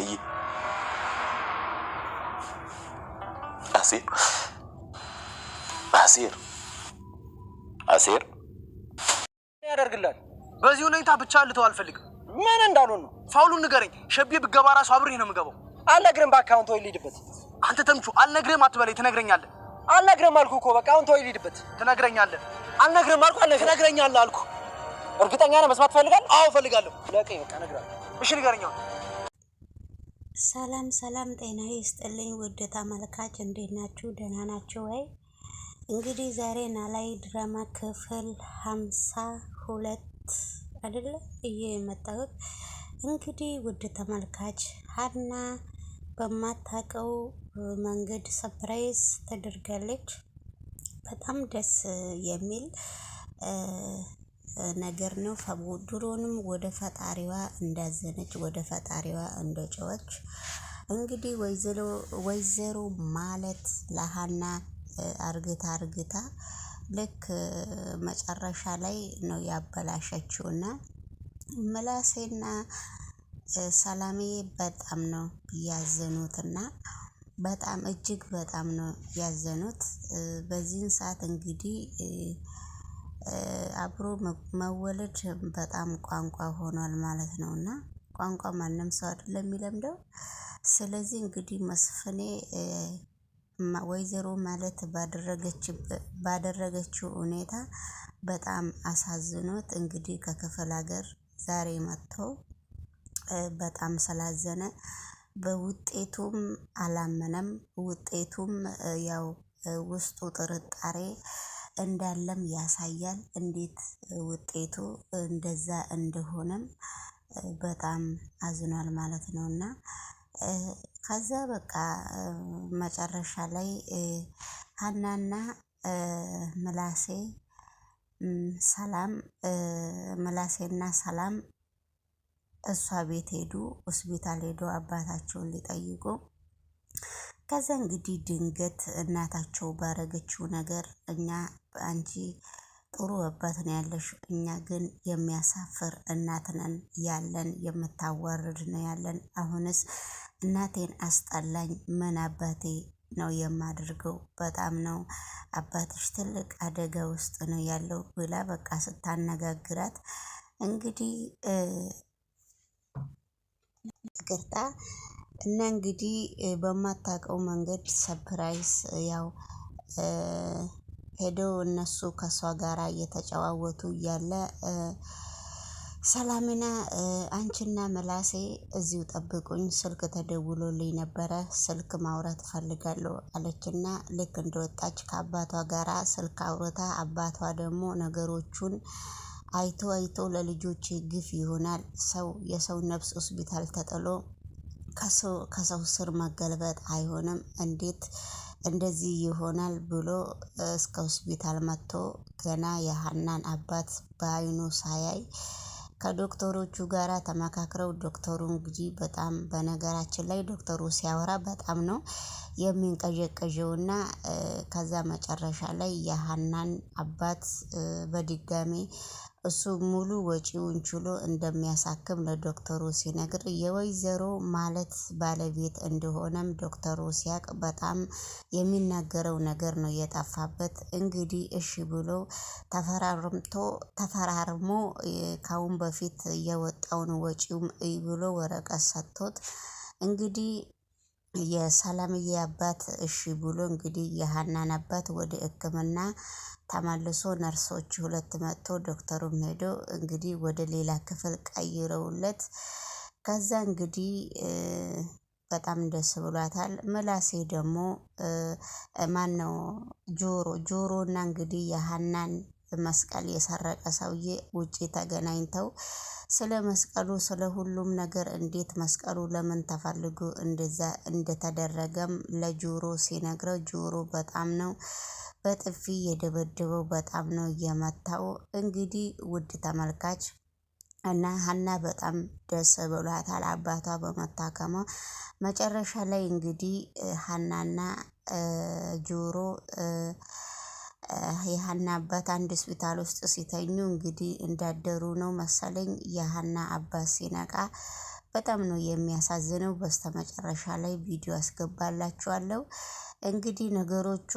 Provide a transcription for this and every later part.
ሀንዬ አሴር አሴር አሴር ያደርግላል። በዚህ ሁኔታ ብቻ ልተው አልፈልግም። ምን እንዳሉን ነው? ፋውሉን ንገረኝ። ሸቤ ብገባ ራሱ አብሬ ነው የምገባው። አልነግርም፣ በአካውንት ወይ ልሂድበት። አንተ ተምቹ አልነግርም አትበለኝ። ትነግረኛለህ። አልነግርም አልኩ እኮ በቃ አሁን ተወው፣ ልሂድበት። ትነግረኛለህ። አልነግርም አልኩ። ትነግረኛለህ አልኩ። እርግጠኛ ነህ? መስማት ትፈልጋለህ? አዎ እፈልጋለሁ። ለቀኝ በቃ እነግርሃለሁ። እሺ ንገረኝ ሰላም ሰላም፣ ጤና ይስጥልኝ ውድ ተመልካች፣ እንዴት ናችሁ? ደህና ናችሁ ወይ? እንግዲህ ዛሬ ናላይ ድራማ ክፍል ሀምሳ ሁለት አይደለ እየመጣሁት እንግዲህ ውድ ተመልካች ሀና በማታቀው መንገድ ሰፕራይዝ ተደርጋለች። በጣም ደስ የሚል ነገር ነው። ድሮንም ወደ ፈጣሪዋ እንዳዘነች ወደ ፈጣሪዋ እንደጮኸች እንግዲህ ወይዘሮ ማለት ለሀና አርግታ አርግታ ልክ መጨረሻ ላይ ነው ያበላሸችውና ምላሴና ሰላሜ በጣም ነው ያዘኑትና በጣም እጅግ በጣም ነው ያዘኑት። በዚህን ሰዓት እንግዲህ አብሮ መወለድ በጣም ቋንቋ ሆኗል ማለት ነው። እና ቋንቋ ማንም ሰው አይደለም የሚለምደው። ስለዚህ እንግዲህ መስፍኔ ወይዘሮ ማለት ባደረገችው ሁኔታ በጣም አሳዝኖት እንግዲህ ከክፍል ሀገር ዛሬ መጥቶ በጣም ስላዘነ በውጤቱም አላመነም። ውጤቱም ያው ውስጡ ጥርጣሬ እንዳለም ያሳያል። እንዴት ውጤቱ እንደዛ እንደሆነም በጣም አዝኗል ማለት ነው እና ከዛ በቃ መጨረሻ ላይ ሀናና ምላሴ ሰላም ምላሴና ሰላም እሷ ቤት ሄዱ። ሆስፒታል ሄዶ አባታቸውን ሊጠይቁ ከዛ እንግዲህ ድንገት እናታቸው ባረገችው ነገር እኛ አንቺ ጥሩ አባት ነው ያለሽ፣ እኛ ግን የሚያሳፍር እናት ነን ያለን፣ የምታዋርድ ነው ያለን። አሁንስ እናቴን አስጠላኝ፣ ምን አባቴ ነው የማደርገው? በጣም ነው አባትሽ ትልቅ አደጋ ውስጥ ነው ያለው ብላ በቃ ስታነጋግራት እንግዲህ ይቅርታ እና እንግዲህ በማታውቀው መንገድ ሰፕራይዝ ያው ሄደው እነሱ ከእሷ ጋር እየተጨዋወቱ እያለ ሰላምና አንቺና መላሴ እዚሁ ጠብቁኝ፣ ስልክ ተደውሎልኝ ነበረ፣ ስልክ ማውራት እፈልጋለሁ አለችና ልክ እንደወጣች ከአባቷ ጋር ስልክ አውርታ አባቷ ደግሞ ነገሮቹን አይቶ አይቶ ለልጆች ግፍ ይሆናል ሰው የሰው ነፍስ ሆስፒታል ተጥሎ ከሰው ስር መገልበጥ አይሆንም፣ እንዴት እንደዚህ ይሆናል ብሎ እስከ ሆስፒታል መጥቶ ገና የሀናን አባት በአይኑ ሳያይ ከዶክተሮቹ ጋር ተመካክረው ዶክተሩ እንግዲህ በጣም በነገራችን ላይ ዶክተሩ ሲያወራ በጣም ነው የሚንቀዠቀዠውና ከዛ መጨረሻ ላይ የሀናን አባት በድጋሜ እሱ ሙሉ ወጪውን ችሎ እንደሚያሳክም ለዶክተሩ ሲነግር የወይዘሮ ማለት ባለቤት እንደሆነም ዶክተሩ ሲያቅ በጣም የሚናገረው ነገር ነው የጠፋበት። እንግዲህ እሺ ብሎ ተፈራርምቶ ተፈራርሞ ካሁን በፊት የወጣውን ወጪውም ብሎ ወረቀት ሰጥቶት እንግዲህ የሰላምዬ አባት እሺ ብሎ እንግዲህ የሀናን አባት ወደ ሕክምና ተመልሶ ነርሶች ሁለት መጥቶ ዶክተሩም ሄዶ እንግዲህ ወደ ሌላ ክፍል ቀይረውለት ከዛ እንግዲህ በጣም ደስ ብሏታል። ምላሴ ደግሞ ማን ነው ጆሮ ጆሮና እንግዲህ የሀናን መስቀል የሰረቀ ሰውዬ ውጪ ተገናኝተው ስለ መስቀሉ ስለ ሁሉም ነገር እንዴት መስቀሉ ለምን ተፈልጎ እንደዛ እንደተደረገም ለጆሮ ሲነግረው ጆሮ በጣም ነው በጥፊ የደበደበው፣ በጣም ነው የመታው። እንግዲህ ውድ ተመልካች እና ሀና በጣም ደስ ብሏታል አባቷ በመታከሟ። መጨረሻ ላይ እንግዲህ ሀናና ጆሮ የሀና አባት አንድ ሆስፒታል ውስጥ ሲተኙ እንግዲህ እንዳደሩ ነው መሰለኝ። የሀና አባት ሲነቃ በጣም ነው የሚያሳዝነው። በስተመጨረሻ ላይ ቪዲዮ አስገባላችኋለሁ። እንግዲህ ነገሮቹ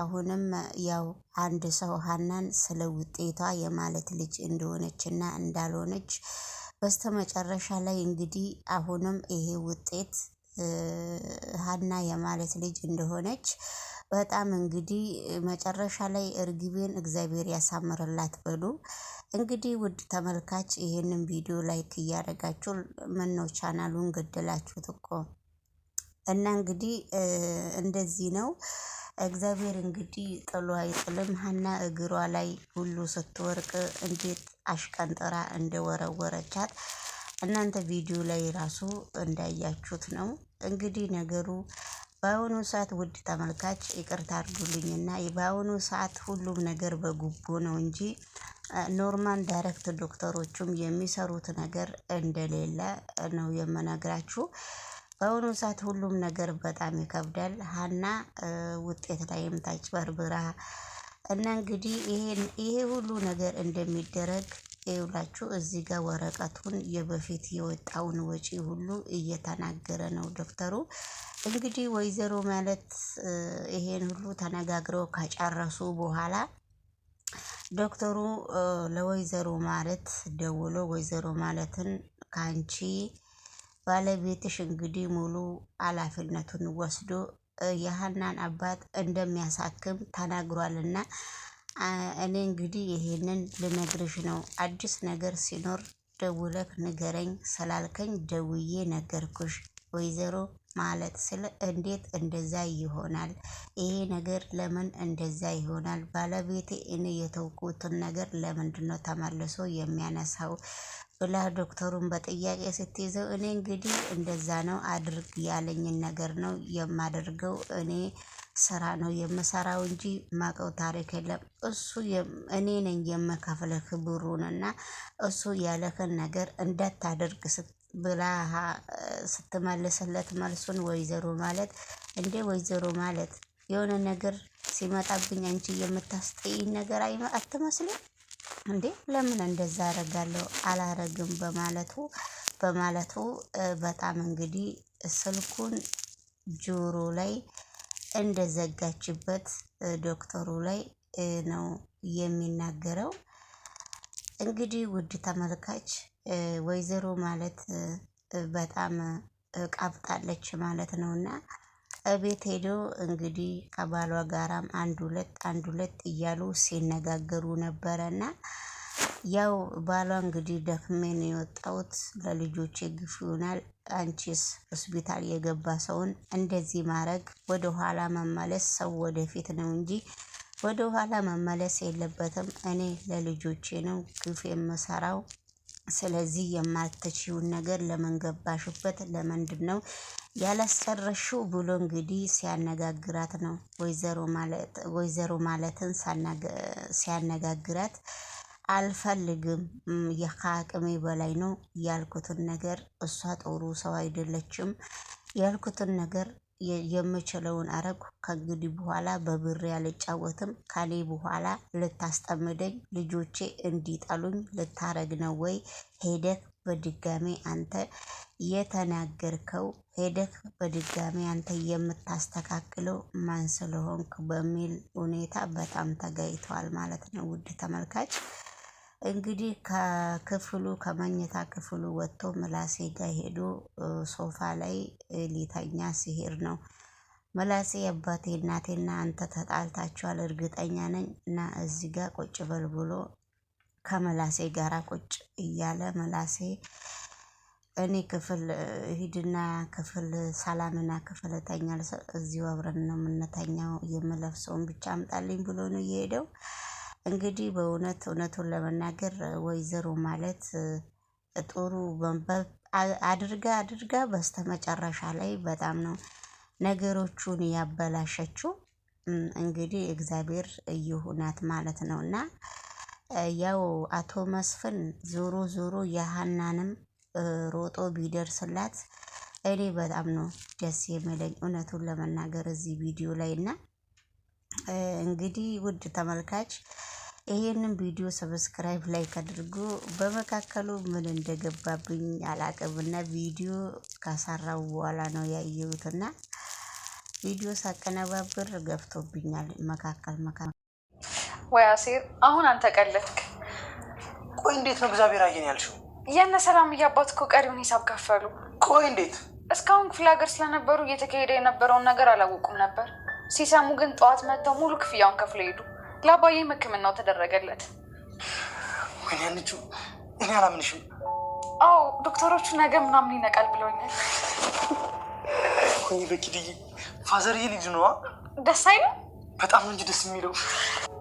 አሁንም ያው አንድ ሰው ሀናን ስለ ውጤቷ የማለት ልጅ እንደሆነችና እንዳልሆነች በስተመጨረሻ ላይ እንግዲህ አሁንም ይሄ ውጤት ሀና የማለት ልጅ እንደሆነች በጣም እንግዲህ መጨረሻ ላይ እርግቤን እግዚአብሔር ያሳምርላት በሉ። እንግዲህ ውድ ተመልካች ይህንን ቪዲዮ ላይክ እያደረጋችሁ ነው ቻናሉን ገደላችሁት እኮ እና እንግዲህ እንደዚህ ነው። እግዚአብሔር እንግዲህ ጥሎ አይጥልም። ሀና እግሯ ላይ ሁሉ ስትወርቅ እንዴት አሽቀንጥራ እንደወረወረቻት እናንተ ቪዲዮ ላይ ራሱ እንዳያችሁት ነው እንግዲህ ነገሩ በአሁኑ ሰዓት ውድ ተመልካች ይቅርታ አድርጉልኝና በአሁኑ ሰዓት ሁሉም ነገር በጉቦ ነው እንጂ ኖርማል ዳይሬክት ዶክተሮቹም የሚሰሩት ነገር እንደሌለ ነው የምነግራችሁ። በአሁኑ ሰዓት ሁሉም ነገር በጣም ይከብዳል። ሀና ውጤት ላይም ታጭበርብራ እና እንግዲህ ይሄ ሁሉ ነገር እንደሚደረግ ይውላችሁ እዚህ ጋር ወረቀቱን የበፊት የወጣውን ወጪ ሁሉ እየተናገረ ነው ዶክተሩ። እንግዲህ ወይዘሮ ማለት ይሄን ሁሉ ተነጋግረው ከጨረሱ በኋላ ዶክተሩ ለወይዘሮ ማለት ደውሎ ወይዘሮ ማለትን ከአንቺ ባለቤትሽ እንግዲህ ሙሉ ኃላፊነቱን ወስዶ የሀናን አባት እንደሚያሳክም ተናግሯልና እኔ እንግዲህ ይሄንን ልነግርሽ ነው። አዲስ ነገር ሲኖር ደውለህ ንገረኝ ስላልከኝ ደውዬ ነገርኩሽ። ወይዘሮ ማለት ስለ እንዴት እንደዛ ይሆናል? ይሄ ነገር ለምን እንደዛ ይሆናል? ባለቤቴ እኔ የተውኩትን ነገር ለምንድነው ተመልሶ የሚያነሳው? ብላ ዶክተሩን በጥያቄ ስትይዘው እኔ እንግዲህ እንደዛ ነው አድርግ ያለኝን ነገር ነው የማደርገው እኔ ስራ ነው የምሰራው እንጂ ማቀው ታሪክ የለም። እሱ እኔ ነኝ የምከፍልህ ብሩን እና እሱ ያለህን ነገር እንዳታደርግ ብላ ስትመልስለት መልሱን ወይዘሮ ማለት እንዴ ወይዘሮ ማለት የሆነ ነገር ሲመጣብኝ አንቺ የምታስጠይኝ ነገር አትመስልም እንዴ ለምን እንደዛ አረጋለሁ አላረግም በማለቱ በማለቱ በጣም እንግዲህ ስልኩን ጆሮ ላይ እንደዘጋችበት ዶክተሩ ላይ ነው የሚናገረው። እንግዲህ ውድ ተመልካች ወይዘሮ ማለት በጣም ቃብጣለች ማለት ነው እና እቤት ሄዶ እንግዲህ ከባሏ ጋራም አንድ ሁለት አንድ ሁለት እያሉ ሲነጋገሩ ነበረ እና ያው ባሏ እንግዲህ ደክሜ የወጣውት የወጣሁት ለልጆቼ ግፍ ይሆናል አንቺስ ሆስፒታል የገባ ሰውን እንደዚህ ማድረግ ወደ ኋላ መመለስ ሰው ወደፊት ነው እንጂ ወደ ኋላ መመለስ የለበትም። እኔ ለልጆቼ ነው ግፍ የምሰራው። ስለዚህ የማትችውን ነገር ለምን ገባሽበት? ለምንድን ነው ያላሰረሽው? ብሎ እንግዲህ ሲያነጋግራት ነው ወይዘሮ ማለትን ሲያነጋግራት አልፈልግም ከአቅሜ በላይ ነው ያልኩትን ነገር እሷ ጥሩ ሰው አይደለችም ያልኩትን ነገር የምችለውን አረግ። ከእንግዲህ በኋላ በብሬ አልጫወትም። ካሌ በኋላ ልታስጠምደኝ ልጆቼ እንዲጠሉኝ ልታረግ ነው ወይ? ሄደህ በድጋሜ አንተ የተናገርከው ሄደህ በድጋሜ አንተ የምታስተካክለው ማን ስለሆንክ በሚል ሁኔታ በጣም ተጋይተዋል ማለት ነው ውድ ተመልካች። እንግዲህ ከክፍሉ ከመኝታ ክፍሉ ወጥቶ ምላሴ ጋር ሄዶ ሶፋ ላይ ሊተኛ ሲሄድ ነው። ምላሴ አባቴ እናቴና አንተ ተጣልታችኋል እርግጠኛ ነኝ እና እዚህ ጋር ቁጭ በል ብሎ ከምላሴ ጋር ቁጭ እያለ ምላሴ እኔ ክፍል ሂድና ክፍል ሰላምና ክፍል እተኛል እዚሁ አብረን ነው የምንተኛው የምለብሰውን ብቻ አምጣልኝ ብሎ ነው የሄደው። እንግዲህ በእውነት እውነቱን ለመናገር ወይዘሮ ማለት ጥሩ አድርጋ አድርጋ በስተመጨረሻ ላይ በጣም ነው ነገሮቹን ያበላሸችው። እንግዲህ እግዚአብሔር ይሁናት ማለት ነው እና ያው አቶ መስፍን ዞሮ ዞሮ የሀናንም ሮጦ ቢደርስላት እኔ በጣም ነው ደስ የሚለኝ እውነቱን ለመናገር እዚህ ቪዲዮ ላይ እና እንግዲህ ውድ ተመልካች ይሄንን ቪዲዮ ሰብስክራይብ ላይ አድርጉ በመካከሉ ምን እንደገባብኝ አላቅም ቪዲዮ ካሰራው በኋላ ነው ያየሁትና ቪዲዮ ሳቀነባብር ገብቶብኛል። መካከል መካከል ወይ አሴር፣ አሁን አንተ ቀለድክ። ቆይ እንዴት ነው እግዚአብሔር አየን ያልሽው? የነ ሰላም እያባት እኮ ቀሪውን ሂሳብ ከፈሉ። ቆይ እንዴት? እስካሁን ክፍለ ሀገር ስለነበሩ እየተካሄደ የነበረውን ነገር አላወቁም ነበር። ሲሰሙ ግን ጠዋት መጥተው ሙሉ ክፍያውን ከፍለ ሄዱ። ለአባዬም ሕክምናው ተደረገለት። ወይኔ እኔ አላምንሽም። አዎ ዶክተሮቹ ነገ ምናምን ይነቃል ብለውኛል። ወይኔ በኪድዬ ፋዘርዬ ልጅ ነዋ። ደስ አይልም? በጣም እንጂ ደስ የሚለው